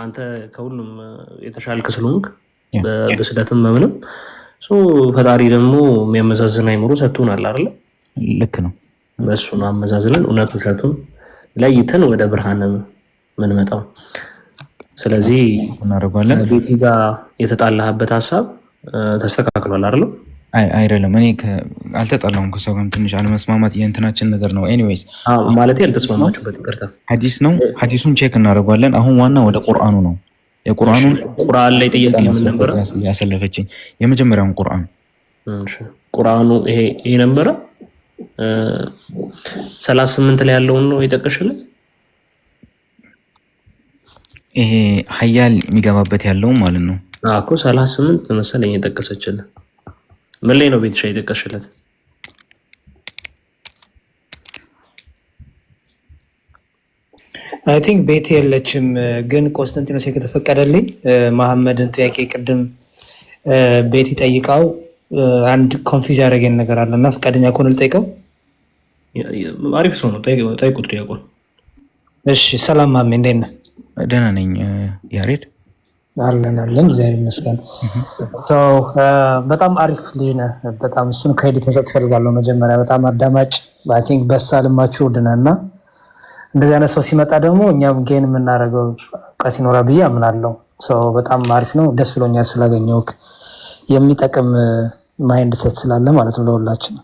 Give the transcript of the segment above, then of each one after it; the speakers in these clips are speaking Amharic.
አንተ ከሁሉም የተሻልክ ስለሆንክ በስደትም በምንም ፈጣሪ ደግሞ የሚያመዛዝን አይምሮ ሰጥቶናል አለ ልክ ነው። በእሱን አመዛዝነን እውነት ውሸቱን ለይተን ወደ ብርሃን ምንመጣው። ስለዚህ ቤቲ ጋር የተጣላህበት ሀሳብ ተስተካክሏል አይደለም? አይደለም እኔ አልተጣላሁም ከሰው ጋርም ትንሽ አለመስማማት የእንትናችን ነገር ነው። ኤኒዌይስ ማለት ያልተስማማችሁበት ይቅርታ፣ ሀዲስ ነው። ሀዲሱን ቼክ እናደርጓለን። አሁን ዋና ወደ ቁርአኑ ነው። የቁርአኑን ቁርአን ላይ ጥያቄ ያሰለፈችኝ። የመጀመሪያውን ቁርአን ቁርአኑ ይሄ ነበረ ሰላሳ ስምንት ላይ ያለውን ነው የጠቀሽለት ይሄ ሀያል የሚገባበት ያለውን ማለት ነው እኮ ሰላሳ ስምንት መሰለኝ የጠቀሰችልን ምን ላይ ነው ቤትሻ የጠቀሽለት? አይ ቲንክ ቤት የለችም፣ ግን ቆስጠንጢኖስ ከተፈቀደልኝ መሐመድን ጥያቄ ቅድም ቤት ይጠይቃው አንድ ኮንፊዝ ያደረገን ነገር አለ እና ፈቃደኛ ከሆነ ልጠይቀው። አሪፍ ሰው ነው፣ ጠይቁት ዲያቆን። እሺ ሰላም ማሜ፣ እንዴት ነህ? ደህና ነኝ ያሬድ አለን አለን፣ እግዚአብሔር ይመስገን። በጣም አሪፍ ልጅ ነህ። በጣም እሱን ክሬዲት መስጠት ትፈልጋለሁ። መጀመሪያ በጣም አዳማጭ አይ ቲንክ ልማችሁ ውድነ እና እንደዚህ አይነት ሰው ሲመጣ ደግሞ እኛም ጌን የምናደርገው እውቀት ይኖራል ብዬ አምናለሁ። በጣም አሪፍ ነው። ደስ ብሎኛል ስላገኘሁህ። የሚጠቅም ማይንድ ሴት ስላለ ማለት ነው ለሁላችን።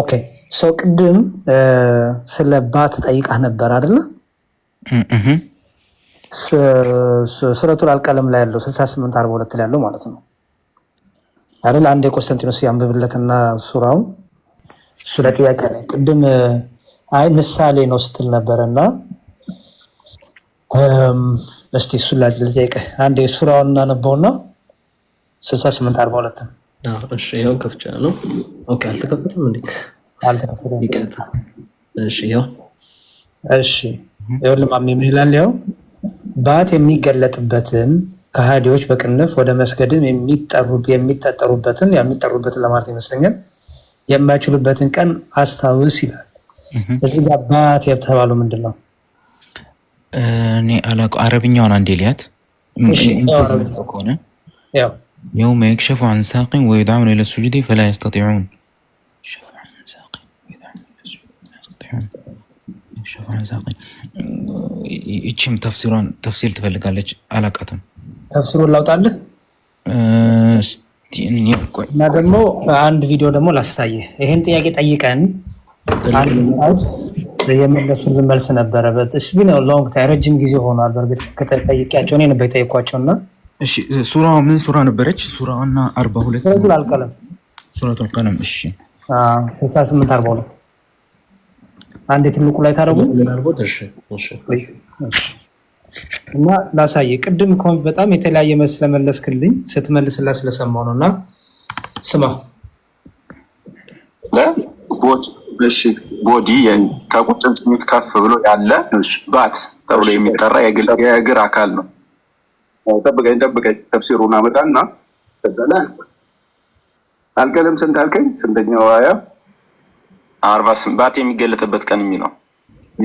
ኦኬ ሰው ቅድም ስለ ባ ተጠይቃህ ነበር አይደለ? ሱረቱል አልቀለም ላይ ያለው 68 42 ላይ ያለው ማለት ነው አይደል? አንድ የቆስተንቲኖስ ያንብብለትና ሱራውን እሱ ለጥያቄ ላይ ቅድም አይ ምሳሌ ነው ስትል ነበረ እና እስቲ እሱ ለጥያቄ አንድ ሱራውን እናነበውና 68 42 እሺ፣ ይኸው ከፍቼ ነው። ኦኬ፣ አልተከፈተም እንዴ? አልተከፈተም። ይቀጥል። እሺ፣ ይኸው እሺ፣ ይኸው ለማሚ ምን ይላል? ይኸው ባት የሚገለጥበትን ከሃዲዎች በቅንፍ ወደ መስገድም የሚጠጠሩበትን የሚጠሩበትን ለማለት ይመስለኛል የማይችሉበትን ቀን አስታውስ ይላል። እዚህ ጋር ባት የተባለው ምንድን ነው? እኔ አላውቀው። አረብኛውን አንዴ ሊያት ከሆነ የውመ የክሸፉ አን ሳቅን ወይድዑን ኢለ ሱጁድ ፈላ ያስተጢዑን ሆነ ዛቀኝ ይቺም ተፍሲሯን ተፍሲል ትፈልጋለች። አላቃትም። ተፍሲሩን ላውጣልህ እና ደግሞ አንድ ቪዲዮ ደግሞ ላስታየህ። ይህን ጥያቄ ጠይቀን አንድ የመለሱልን መልስ ነበረ። ስቢን ሎንግ ታይ ረጅም ጊዜ ሆኗል። በእርግጥ ከጠይቂያቸው እኔ ነበር የጠየኳቸው እና ሱራ ምን ሱራ ነበረች? ሱራ እና አርባ ሁለት ሱረቱል ቀለም ሱረቱል ቀለም እሺ ስልሳ ስምንት አርባ ሁለት አንድ ትልቁ ላይ ታደረጉ እና ላሳየ ቅድም በጣም የተለያየ መልስ ስለመለስክልኝ ስትመልስላት ስለሰማው ነው። እና ስማ ቦዲ ከቁርጭምጭሚት ከፍ ብሎ ያለ ባት ተብሎ የሚጠራ የእግር አካል ነው። ጠብቀኝ ጠብቀኝ፣ ተፍሲሩን አመጣና አልቀለም። ስንት አልከኝ? ስንተኛው አያ አርባ ስንባት የሚገለጥበት ቀን የሚለው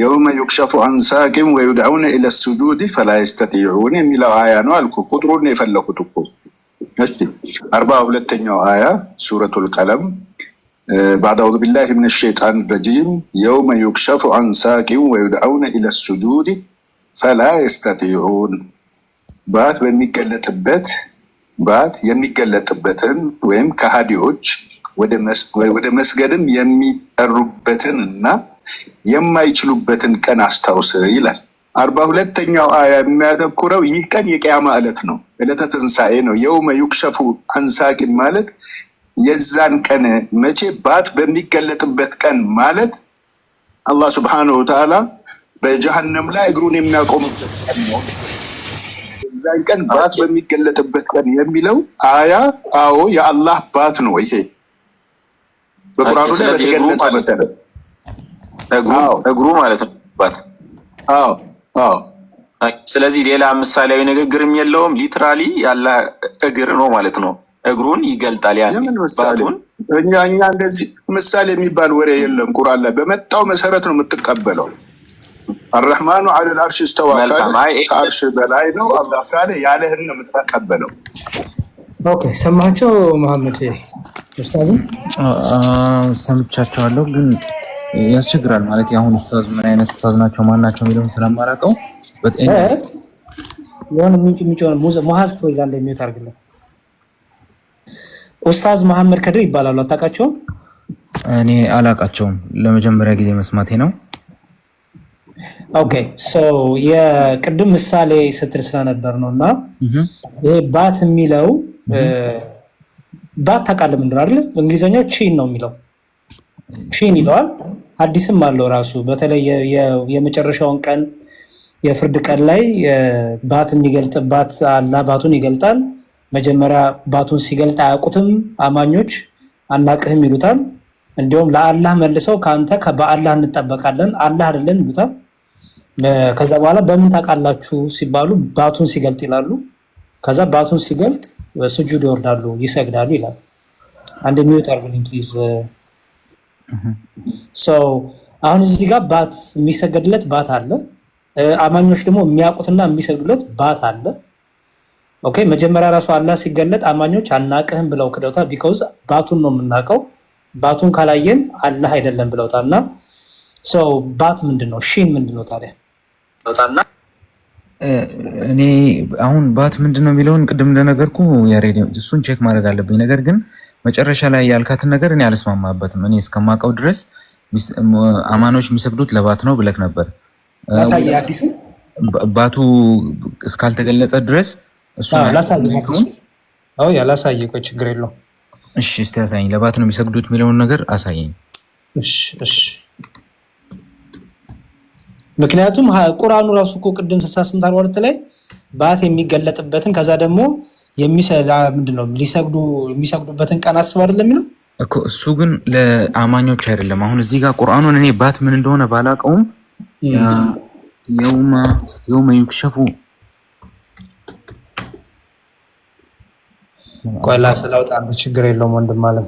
የውመ ዩክሸፉ አን ሳቂም ወዩድዐውነ ኢለ ሱጁድ ፈላ የስተጢዑን የሚለው አያ ነው አልኩ። ቁጥሩን የፈለኩት እኮ አርባ ሁለተኛው አያ ሱረቱ ቀለም ባዕድ አዑዙ ቢላሂ ምን ሸይጣን ረጂም የውመ ዩክሸፉ አን ሳቂም ወዩድዐውነ ኢለ ሱጁድ ፈላ የስተጢዑን ባት በሚገለጥበት ባት የሚገለጥበትን ወይም ከሃዲዎች ወደ መስገድም የሚጠሩበትን እና የማይችሉበትን ቀን አስታውስ ይላል። አርባ ሁለተኛው አያ የሚያተኩረው ይህ ቀን የቅያማ ዕለት ነው፣ ዕለተ ትንሣኤ ነው። የውመ ዩክሸፉ አንሳቂም ማለት የዛን ቀን መቼ ባት በሚገለጥበት ቀን ማለት አላህ ስብሐነሁ ወተዓላ በጀሃነም ላይ እግሩን የሚያቆምበት ቀን ነው። የዛን ቀን ባት በሚገለጥበት ቀን የሚለው አያ አዎ የአላህ ባት ነው ይሄ በቁርአኑ ላይ በተገለጸ መሰረት እግሩ ማለት ነው። አዎ አዎ። ስለዚህ ሌላ ምሳሌያዊ ንግግርም የለውም። ሊትራሊ ያለ እግር ነው ማለት ነው። እግሩን ይገልጣል። ያንባቱን እኛ እኛ እንደዚህ ምሳሌ የሚባል ወሬ የለም። ቁርአን ላይ በመጣው መሰረት ነው የምትቀበለው። አረህማኑ አለል አርሽ እስተዋ ከአርሽ በላይ ነው። አላህ ያለህን ነው የምትቀበለው። ኦኬ ሰማቸው መሐመድ ኡስታዝም ሰምቻቸዋለሁ፣ ግን ያስቸግራል ማለት የአሁን ኡስታዝ ምን አይነት ኡስታዝ ናቸው ናቸው የሚለውን ስለማላውቀው ኡስታዝ መሐመድ ከድር ይባላሉ። አታውቃቸውም? እኔ አላውቃቸውም፣ ለመጀመሪያ ጊዜ መስማቴ ነው። ኦኬ ሶ የቅድም ምሳሌ ስትል ስለነበር ነው እና ይሄ ባት የሚለው ባት ታውቃለህ ምንድን አይደል? እንግሊዝኛው ቺን ነው የሚለው ቺን ይለዋል። አዲስም አለው ራሱ በተለይ የመጨረሻውን ቀን የፍርድ ቀን ላይ ባት የሚገልጥ ባት አላ ባቱን ይገልጣል። መጀመሪያ ባቱን ሲገልጥ አያውቁትም አማኞች፣ አናቅህም ይሉታል። እንዲሁም ለአላህ መልሰው ከአንተ በአላህ እንጠበቃለን አላህ አይደለን ይሉታል። ከዛ በኋላ በምን ታውቃላችሁ ሲባሉ ባቱን ሲገልጥ ይላሉ። ከዛ ባቱን ሲገልጥ ስጁድ ይወርዳሉ፣ ይሰግዳሉ ይላሉ። አንድ የሚወጥ አርጉልኝ ፕሊዝ። አሁን እዚህ ጋር ባት የሚሰገድለት ባት አለ። አማኞች ደግሞ የሚያውቁትና የሚሰግዱለት ባት አለ። ኦኬ መጀመሪያ ራሱ አላህ ሲገለጥ አማኞች አናቅህም ብለው ክደውታል። ቢኮዝ ባቱን ነው የምናውቀው፣ ባቱን ካላየን አላህ አይደለም ብለውታል። እና ባት ምንድን ነው? ሺን ምንድን ነው ታዲያ? እኔ አሁን ባት ምንድን ነው የሚለውን ቅድም እንደነገርኩ ያሬድ እሱን ቼክ ማድረግ አለብኝ። ነገር ግን መጨረሻ ላይ ያልካትን ነገር እኔ አልስማማበትም። እኔ እስከማውቀው ድረስ አማኖች የሚሰግዱት ለባት ነው ብለክ ነበር። ባቱ እስካልተገለጠ ድረስ እሱ ያላሳየ ቆይ ችግር የለው። እሺ እስቲ ያሳየኝ። ለባት ነው የሚሰግዱት የሚለውን ነገር አሳየኝ። እሺ እሺ ምክንያቱም ቁርአኑ ራሱ እኮ ቅድም 68 42 ላይ ባት የሚገለጥበትን ከዛ ደግሞ ምንድነው ሊሰግዱ የሚሰግዱበትን ቀን አስብ አይደለ የሚለው እኮ። እሱ ግን ለአማኞች አይደለም። አሁን እዚህ ጋር ቁርአኑን እኔ ባት ምን እንደሆነ ባላቀውም የውመ ዩክሸፉ ቆላ ስለውጣ ችግር የለውም ወንድም አለም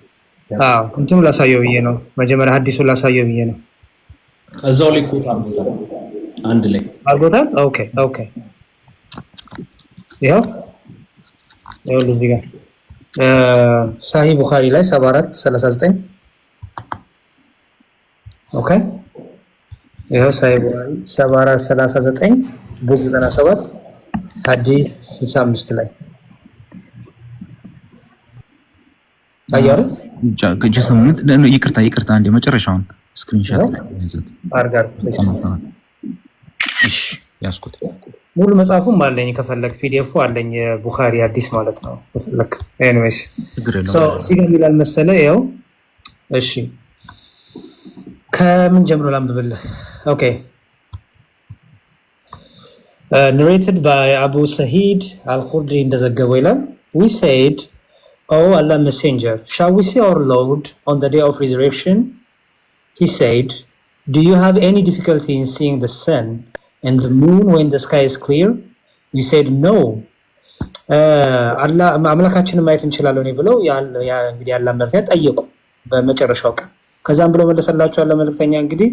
እንትኑ ላሳየው ብዬ ነው። መጀመሪያ ሀዲሱን ላሳየው ብዬ ነው። እዛው ላይ አንድ ላይ ኦኬ ኦኬ። ይኸው ይኸው እዚህ ጋር ሳሂ ቡኻሪ ላይ 74 39 ኦኬ። ይኸው ሳሂ ቡኻሪ 74 39 ቡክ 97 ሀዲስ 65 ላይ አያሩ ጀሰሙነት ይቅርታ ይቅርታ፣ እንደ መጨረሻውን ስክሪንሻት ያስኩት ሙሉ መጽሐፉም አለኝ ከፈለግ ፒዲኤፉ አለኝ የቡኻሪ አዲስ ማለት ነው ከፈለግ። ኤኒዌይስ እዚህ ይላል መሰለ ያው እሺ፣ ከምን ጀምሮ ላንብብልህ? ኦኬ ኑሬትድ ባይ አቡ ሰሂድ አልኩርዲ እንደዘገበው ይላል ዊ ሰይድ O Allah Messenger, shall we see our Lord on the day of resurrection? He said, Do you have any difficulty in seeing the sun and the moon when the sky is clear? We said, No. አምላካችንን ማየት እንችላለን ብለው እንግዲህ ያላ መልክተኛ ጠየቁ በመጨረሻው ቀን። ከዛም ብለው መለሰላቸዋል ለመልክተኛ እንግዲህ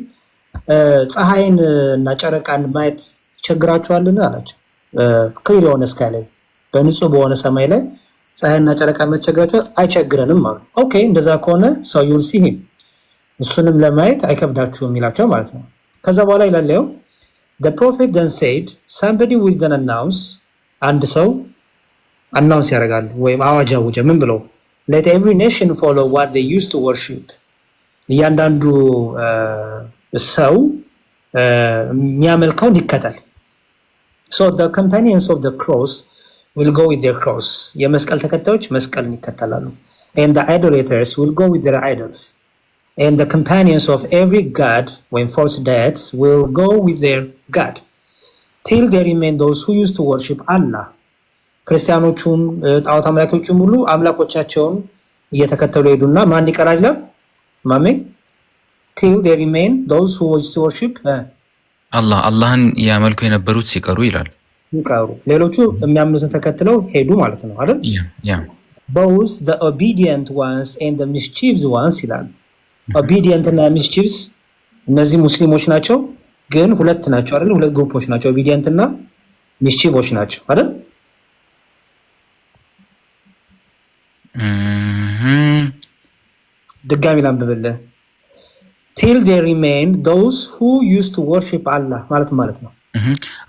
ፀሐይን እና ጨረቃን ማየት ይቸግራችኋልን? አላቸው። ክሊር የሆነ ስካይ ላይ በንጹህ በሆነ ሰማይ ላይ ፀሐይና ጨረቃ መቸገራቸው አይቸግረንም አሉ። ኦኬ እንደዛ ከሆነ ሰው ዩል ሲሂም እሱንም ለማየት አይከብዳችሁም ይላቸው ማለት ነው። ከዛ በኋላ ይላለው ደ ፕሮፌት ደን ሴድ ሳምበዲ ዊዝ ደን አናውንስ አንድ ሰው አናውንስ ያደርጋል ወይም አዋጅ አውጀ ምን ብለው let ኤቭሪ ኔሽን ፎሎ ዋት they ዩስ ቱ ወርሺፕ እያንዳንዱ ሰው የሚያመልከውን ይከተል so the companions of will go with their cross የመስቀል ተከታዮች መስቀልን ይከተላሉ and the idolaters will go with their idols and the companions of every god when false deities will go with their god till there remain those who used to worship Allah ክርስቲያኖቹም ጣዖት አምላኪዎቹም ሁሉ አምላኮቻቸውን እየተከተሉ ሄዱና ማን ይቀራል ማሜ till there remain those who used to worship eh? Allah አላህን ያመልኩ የነበሩት ሲቀሩ ይላል ይቀሩ፣ ሌሎቹ የሚያምኑትን ተከትለው ሄዱ ማለት ነው አይደል? ቦዝ ዘ ኦቢዲየንት ዋንስ ኤንድ ሚስቺቭዝ ዋንስ ይላል። ኦቢዲየንት እና ሚስቺቭስ እነዚህ ሙስሊሞች ናቸው፣ ግን ሁለት ናቸው አይደል? ሁለት ግሩፖች ናቸው፣ ኦቢዲየንት እና ሚስቺቮች ናቸው አይደል? ድጋሚ ላንብብልህ ቲል ዜይ ሪሜይን ዶዝ ሁ ዩስ ቱ ወርሺፕ አላህ ማለት ማለት ነው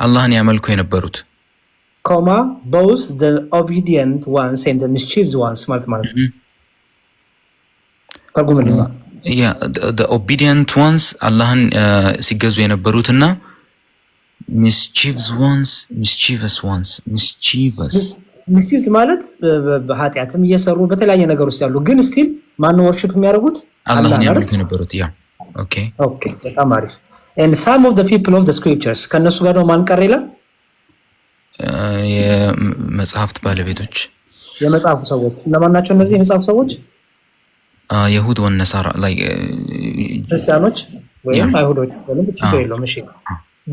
አላህን ያመልኩ የነበሩት ኮማ ቦዝ ኦቢዲየንት ዋንስ ኤንድ ሚስቺቭስ ዋንስ ማለት ማለት ነው። ተርጉም ኦቢዲየንት ዋንስ አላህን ሲገዙ የነበሩትና ሚስቺቭስ ዋንስ ሚስቺቭስ ዋንስ ሚስቺቭስ ሚስቺቭስ ማለት በኃጢአትም እየሰሩ በተለያየ ነገር ውስጥ ያሉ ግን ስቲል ማነው ወርሽፕ የሚያደርጉት አላህን ያመልኩ የነበሩት ያ ኦኬ ኦኬ በጣም አሪፍ and some of the people of the scriptures ከእነሱ ጋር ነው ማንቀር ይላል። የመጽሐፍት ባለቤቶች የመጽሐፉ ሰዎች እነማን ናቸው? እነዚህ የመጽሐፉ ሰዎች የሁድ ወነሳራ ክርስቲያኖች ወይም አይሁዶች ችግር የለውም። እሺ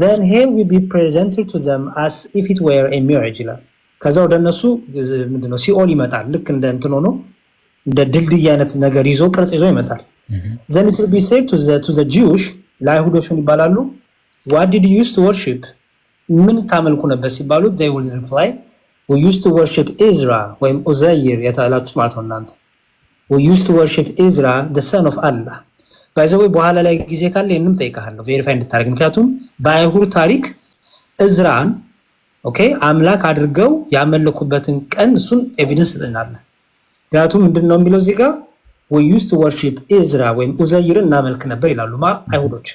then he will be presented to them as if it were a marriage ይላል። ከዛ ወደ እነሱ ምንድነው ሲኦል ይመጣል። ልክ እንደ እንትን ሆኖ እንደ ድልድይ አይነት ነገር ይዞ ቅርጽ ይዞ ይመጣል። then it will be said to the to ለአይሁዶች ምን ይባላሉ? ዋት ዲድ ዩስ ቱ ወርሺፕ ምን ታመልኩ ነበር ሲባሉ ዴይ ዊል ሪፕላይ ዊ ዩስ ቱ ወርሺፕ ኢዝራ ወይም ኡዘይር የተላላችሁት ማለት ነው እናንተ ዊ ዩስ ቱ ወርሺፕ ኢዝራ ዘ ሰን ኦፍ አላህ ወይ በኋላ ላይ ጊዜ ካለ ይህንም ጠይቀሃለሁ ቬሪፋይ እንድታደርግ። ምክንያቱም በአይሁድ ታሪክ እዝራን ኦኬ አምላክ አድርገው ያመለኩበትን ቀን እሱን ኤቪደንስ ልናለ ምክንያቱም ምንድን ነው የሚለው እዚህ ጋር we used to worship ኤዝራ ወይም ኡዘይርን እናመልክ ነበር ይላሉ ማ አይሁዶች።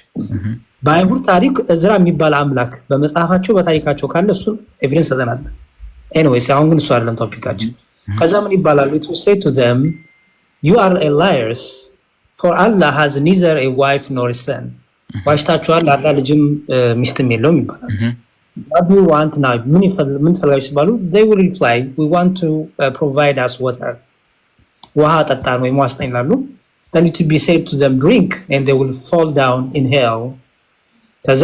በአይሁድ ታሪክ እዝራ የሚባል አምላክ በመጽሐፋቸው በታሪካቸው ካለ እሱን ኤቪደንስ ሰጠናል። ኤኒዌይስ አሁን ግን እሱ አይደለም ቶፒካችን። ከዛ ምን ይባላሉ? ኢት ሴ ቱ ዘም ዩ አር ላየርስ ፎር አላህ ሃዝ ኒዘር ዋይፍ ኖር ሰን። ዋሽታችኋል፣ አላህ ልጅም ሚስትም የለውም ይባላል። What do you want now? ምን ትፈልጋችሁ ሲባሉ they will reply we want to provide us water ውሃ ጠጣን ወይም ዋስጠን ይላሉ። ከዛ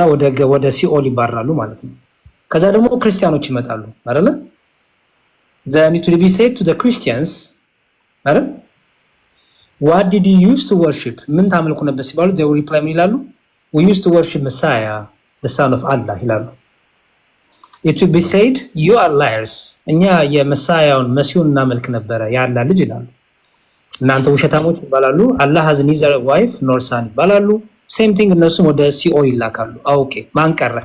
ወደ ሲኦል ይባራሉ ማለት ነው። ከዛ ደግሞ ክርስቲያኖች ይመጣሉ አይደለ? ምን ታመልኩ ነበር ሲባሉ ይላሉ መሳያ ሳን ኦፍ አላህ ይላሉ። ኢት ቢ ሴድ ዩ አር ላየርስ እኛ የመሳያውን መሲሁን እናመልክ ነበረ ያላ ልጅ ይላሉ። እናንተ ውሸታሞች ይባላሉ። አላህ ሀዝ ኒዘር ዋይፍ ኖርሳን ይባላሉ። ሴም ቲንግ እነሱም ወደ ሲኦ ይላካሉ። ኦኬ ማን ቀረ?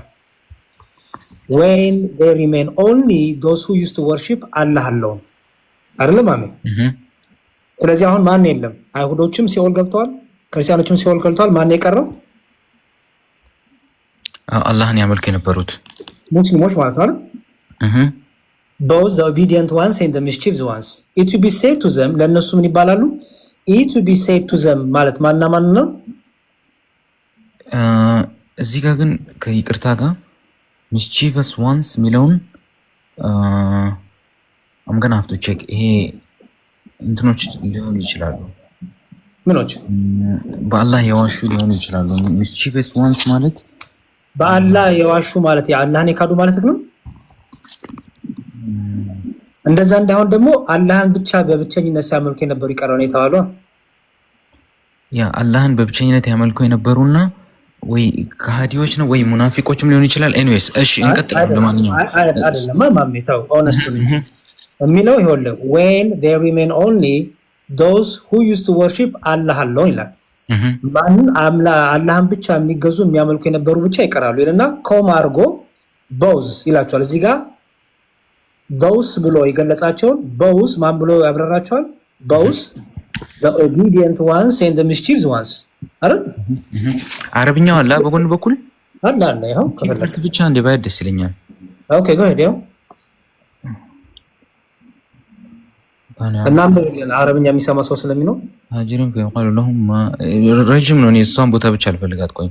ወይን ሪሜን ኦንሊ ዶስ ሁ ዩስ ቱ ወርሺፕ አላህ አለውን አይደለም አሜን። ስለዚህ አሁን ማን የለም? አይሁዶችም ሲኦል ገብተዋል፣ ክርስቲያኖችም ሲኦል ገብተዋል። ማን የቀረው? አላህን ያመልክ የነበሩት ሙስሊሞች ማለት ነው። ቦዝ ኦቢዲየንት ዋንስ ኤንድ ሚስቺቭ ዋንስ ኢቱ ቢ ሴድ ቱ ዘም ለእነሱ ምን ይባላሉ? ኢቱ ቢ ሴድ ቱ ዘም ማለት ማና ማን ነው? እዚህ ጋር ግን ከይቅርታ ጋር ሚስቺቨስ ዋንስ የሚለውን አምገና ሀፍቶ ቼክ ይሄ እንትኖች ሊሆኑ ይችላሉ። ምኖች በአላህ የዋሹ ሊሆኑ ይችላሉ። ሚስቺቨስ ዋንስ ማለት በአላህ የዋሹ ማለት የአላህን የካዱ ማለት ነው። እንደዛ እንዳሁን ደግሞ አላህን ብቻ በብቸኝነት ሲያመልኩ የነበሩ ይቀረ ነው የተባሉ ያ አላህን በብቸኝነት ያመልኩ የነበሩና ወይ ከሃዲዎች ነው ወይ ሙናፊቆችም ሊሆን ይችላል። ኤኒዌይስ እሺ እንቀጥላለን። ለማንኛውም የሚለው ይኸውልህ ወይን ዴር ሪሜን ኦንሊ ዶዝ ሁ ዩዝ ቱ ወርሺፕ አላህ አለውን ይላል። ማንን አላህን ብቻ የሚገዙ የሚያመልኩ የነበሩ ብቻ ይቀራሉ ይልና ኮም አድርጎ ቦዝ ይላቸዋል እዚህ ጋር በውስ ብሎ የገለጻቸውን በውስ ማን ብሎ ያብራራቸዋል? በውስ ኦቢዲየንት ዋንስ ን ሚስቺቭስ ዋንስ አይደል? አረብኛው አላ በጎን በኩል አላ ይኸው ከፈለክ ብቻ እንደ ባይድ ደስ ይለኛል። ኦኬ ጎ ሄድ ያው እናንተ አረብኛ የሚሰማ ሰው ስለሚኖር ለሁም ረጅም ነው። እኔ እሷን ቦታ ብቻ አልፈልጋት። ቆይ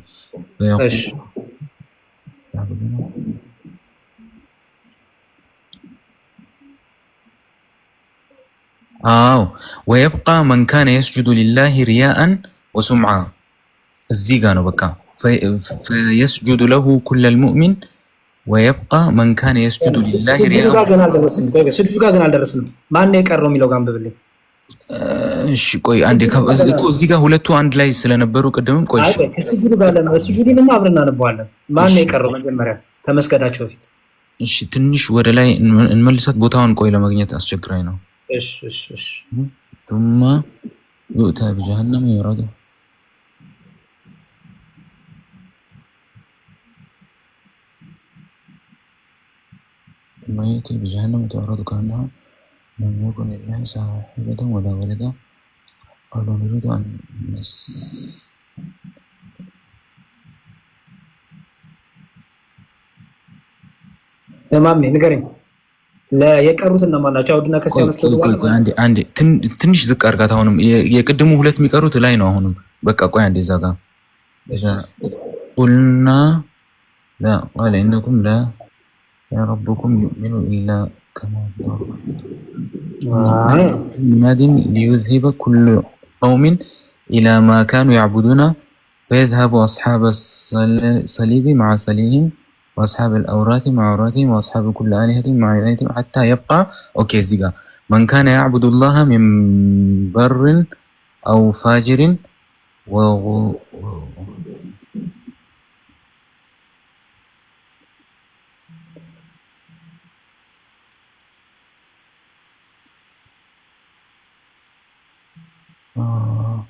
አዎ ወየብቃ መንካነ የስጁዱ ሊላሂ ሪያአን ወሱምዓ እዚህ ጋ ነው በቃ ፈየስጁዱ ለሁ ኩለል ሙእሚን ወየብቃ መንካነ የስጁዱ ሊላሂ ስጁዱ ጋ ግን አልደረስንም። ማነው የቀረው የሚለው ጋ አንብብልኝ። እሺ ቆይ አንዴ እኮ እዚህ ጋር ሁለቱ አንድ ላይ ስለነበሩ ቅድምም ቆይ ስጁዱ ጋር ስጁዱንማ አብረን እናነበዋለን። ማነው የቀረው መጀመሪያ ከመስገዳቸው በፊት? እሺ ትንሽ ወደ ላይ እንመልሳት ቦታውን ቆይ ለማግኘት አስቸግራኝ ነው። ثم يؤتى بجهنم يورده ثم يأتي بجهنم تعرض كأنها لم يكن لله صاحبة ولا ولدا قالوا نريد أن نس تمام نقرأ የቀሩት እነማን ናቸው? አይሁድና ክርስቲያኖች። ትንሽ ዝቅ አድርጋት። አሁንም የቅድሙ ሁለት የሚቀሩት ላይ ነው። አሁንም በቃ ቆይ አንዴ እዛ ጋ ቁልና ቃለ ኢነኩም ላ ረቡኩም ዩሚኑ ኢላ ከማ ሊዩዝሂበ ኩሉ ቀውሚን ኢላ ማ ካኑ ያዕቡዱና ፈየዝሀቡ አስሓበ ሰሊቢ መዓ ሰሊህም وأصحاب الأوراث مع أوراثهم وأصحاب كل آلهة مع آلهتهم حتى يبقى أوكي زيغا من كان يعبد الله من بر أو فاجر و آه.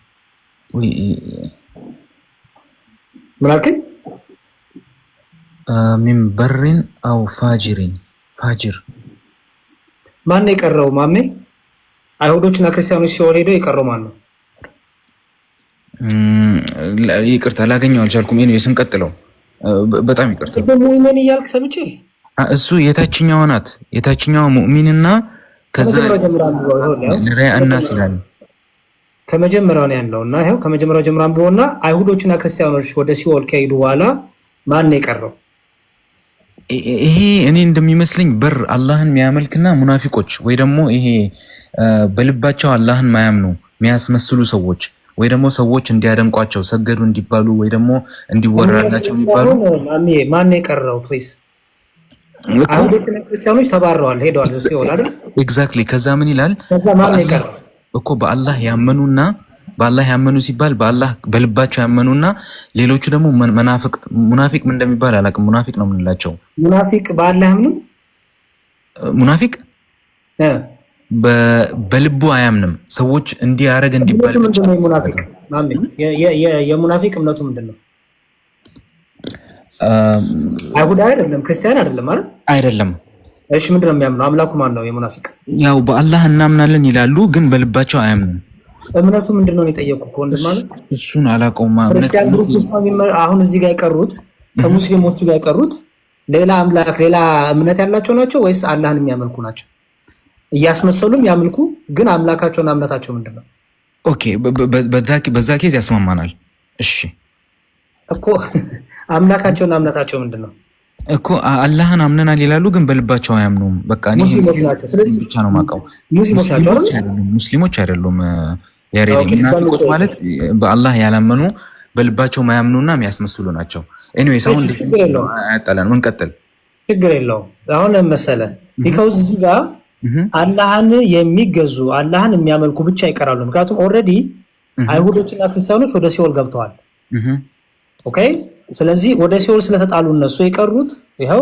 وي مراكب ሚን በሪን አው ፋጅሪን ፋጅር ማን ነው የቀረው? ማሜ አይሁዶችና ክርስቲያኖች ሲሆን ሄደው የቀረው ማን ነው? ይቅርታ ላገኘው አልቻልኩም። ኤኒዌይስ እንቀጥለው። በጣም ይቅርታ። ሙእሚን እያልክ ሰምቼ እሱ የታችኛው ናት የታችኛው ሙእሚንና ከዛ ለሪያ እናስ ይላል ከመጀመሪያው ነው ያለው እና ይኸው ከመጀመሪያው ጀምራን ቢሆንና አይሁዶችና ክርስቲያኖች ወደ ሲኦል ከሄዱ በኋላ ማን ነው የቀረው? ይሄ እኔ እንደሚመስለኝ በር አላህን የሚያመልክና ሙናፊቆች ወይ ደግሞ ይሄ በልባቸው አላህን ማያምኑ የሚያስመስሉ ሰዎች ወይ ደግሞ ሰዎች እንዲያደምቋቸው ሰገዱ እንዲባሉ ወይ ደግሞ እንዲወራላቸው የሚባሉ ማን የቀረው? ፕሊዝ አሁን ቤተክርስቲያኖች ተባረዋል፣ ሄደዋል። ኤግዛክትሊ። ከዛ ምን ይላል እኮ በአላህ ያመኑና በአላህ ያመኑ ሲባል በአላህ በልባቸው እና ሌሎቹ ደግሞ መናፍቅ ሙናፊቅ ምን እንደሚባል አላውቅም። ሙናፊቅ ነው የምንላቸው። ሙናፊቅ በአላህ ያምኑ ሙናፊቅ በልቡ አያምንም። ሰዎች እንዲህ ያደረገ እንዲባል የሙናፊቅ እምነቱ ምንድን ነው? አይሁድ አይደለም፣ ክርስቲያን አይደለም ማለት አይደለም። እሺ ምንድን ነው የሚያምነው? አምላኩ ማን ነው? የሙናፊቅ ያው በአላህ እናምናለን ይላሉ፣ ግን በልባቸው አያምንም። እምነቱ ምንድን ነው የጠየቁ ወንድም ማለት እሱን አላውቀውም። አሁን እዚህ ጋር የቀሩት ከሙስሊሞቹ ጋር የቀሩት ሌላ አምላክ ሌላ እምነት ያላቸው ናቸው ወይስ አላህን የሚያመልኩ ናቸው? እያስመሰሉም ያምልኩ፣ ግን አምላካቸውና እምነታቸው ምንድን ነው? ኦኬ በዛ ኬዝ ያስማማናል። እሺ እኮ አምላካቸውና እምነታቸው ምንድን ነው እኮ አላህን አምነናል ይላሉ፣ ግን በልባቸው አያምኑም። በቃ ብቻ ነው የማውቀው። ሙስሊሞች አይደሉም ያሬድ ሙናፊቆች ማለት በአላህ ያላመኑ በልባቸው ማያምኑና የሚያስመስሉ ናቸው። ኤኒዌይስ አሁን አያጣለን እንቀጥል። ችግር የለውም። አሁን መሰለ ቢካውዝ እዚህ ጋር አላህን የሚገዙ አላህን የሚያመልኩ ብቻ ይቀራሉ። ምክንያቱም ኦልሬዲ አይሁዶችና ክርስቲያኖች ወደ ሲኦል ገብተዋል። ኦኬ ስለዚህ ወደ ሲኦል ስለተጣሉ እነሱ የቀሩት ይኸው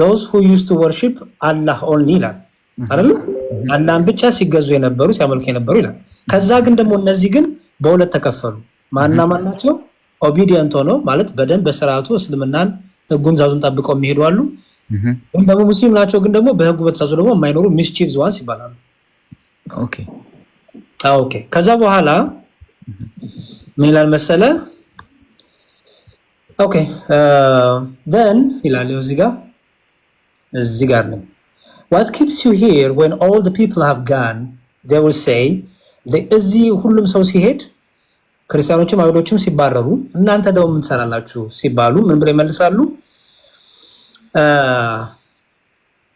ዶዝ ሁ ዩስ ቱ ወርሺፕ አላህ ኦንሊ ይላል አይደለ? አላህን ብቻ ሲገዙ የነበሩ ሲያመልኩ የነበሩ ይላል። ከዛ ግን ደግሞ እነዚህ ግን በሁለት ተከፈሉ። ማና ማናቸው? ኦቢዲየንት ሆኖ ማለት በደንብ በስርዓቱ እስልምናን ህጉን ዛዙን ጠብቀው የሚሄዱ አሉ። ወይም ደግሞ ሙስሊም ናቸው፣ ግን ደግሞ በህጉ በተሳዙ ደግሞ የማይኖሩ ሚስቺቭ ዋንስ ይባላሉ። ኦኬ ከዛ በኋላ ምን ይላል መሰለ? ኦኬ ደን ይላል እዚህ ጋር እዚህ ጋር ነው ዋት ኪፕስ ዩ here ወን all ፒፕል ሃቭ ጋን gone they will እዚህ ሁሉም ሰው ሲሄድ ክርስቲያኖችም አይሁዶችም ሲባረሩ እናንተ ደግሞ ምን ትሰራላችሁ ሲባሉ ምን ብለው ይመልሳሉ?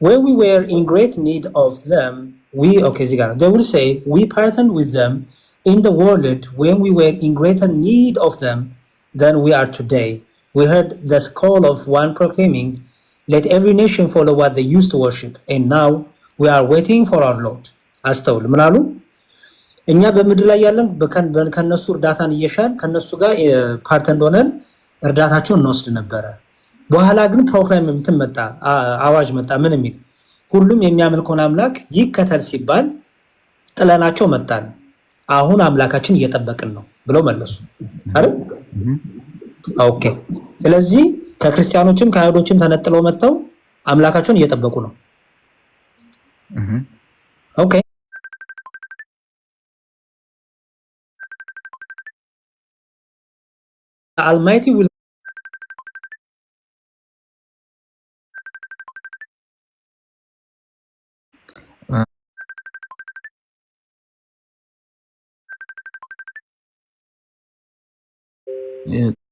we were in great need of them we okay they would say we partnered with them in the world when we were in greater need of them than we are today we heard the call of one proclaiming let every nation follow what they used to worship and now we are waiting for our lord አስተውል ምን እኛ በምድር ላይ ያለን ከነሱ እርዳታን እየሻን ከነሱ ጋር ፓርት እንደሆነን እርዳታቸውን እንወስድ ነበረ። በኋላ ግን ፕሮግራም እንትን መጣ፣ አዋጅ መጣ። ምን የሚል ሁሉም የሚያመልከውን አምላክ ይከተል ሲባል ጥለናቸው መጣን። አሁን አምላካችን እየጠበቅን ነው ብለው መለሱ። አይደል? ኦኬ። ስለዚህ ከክርስቲያኖችም ከአይሁዶችም ተነጥለው መጥተው አምላካቸውን እየጠበቁ ነው። ኦኬ the Almighty will Yeah.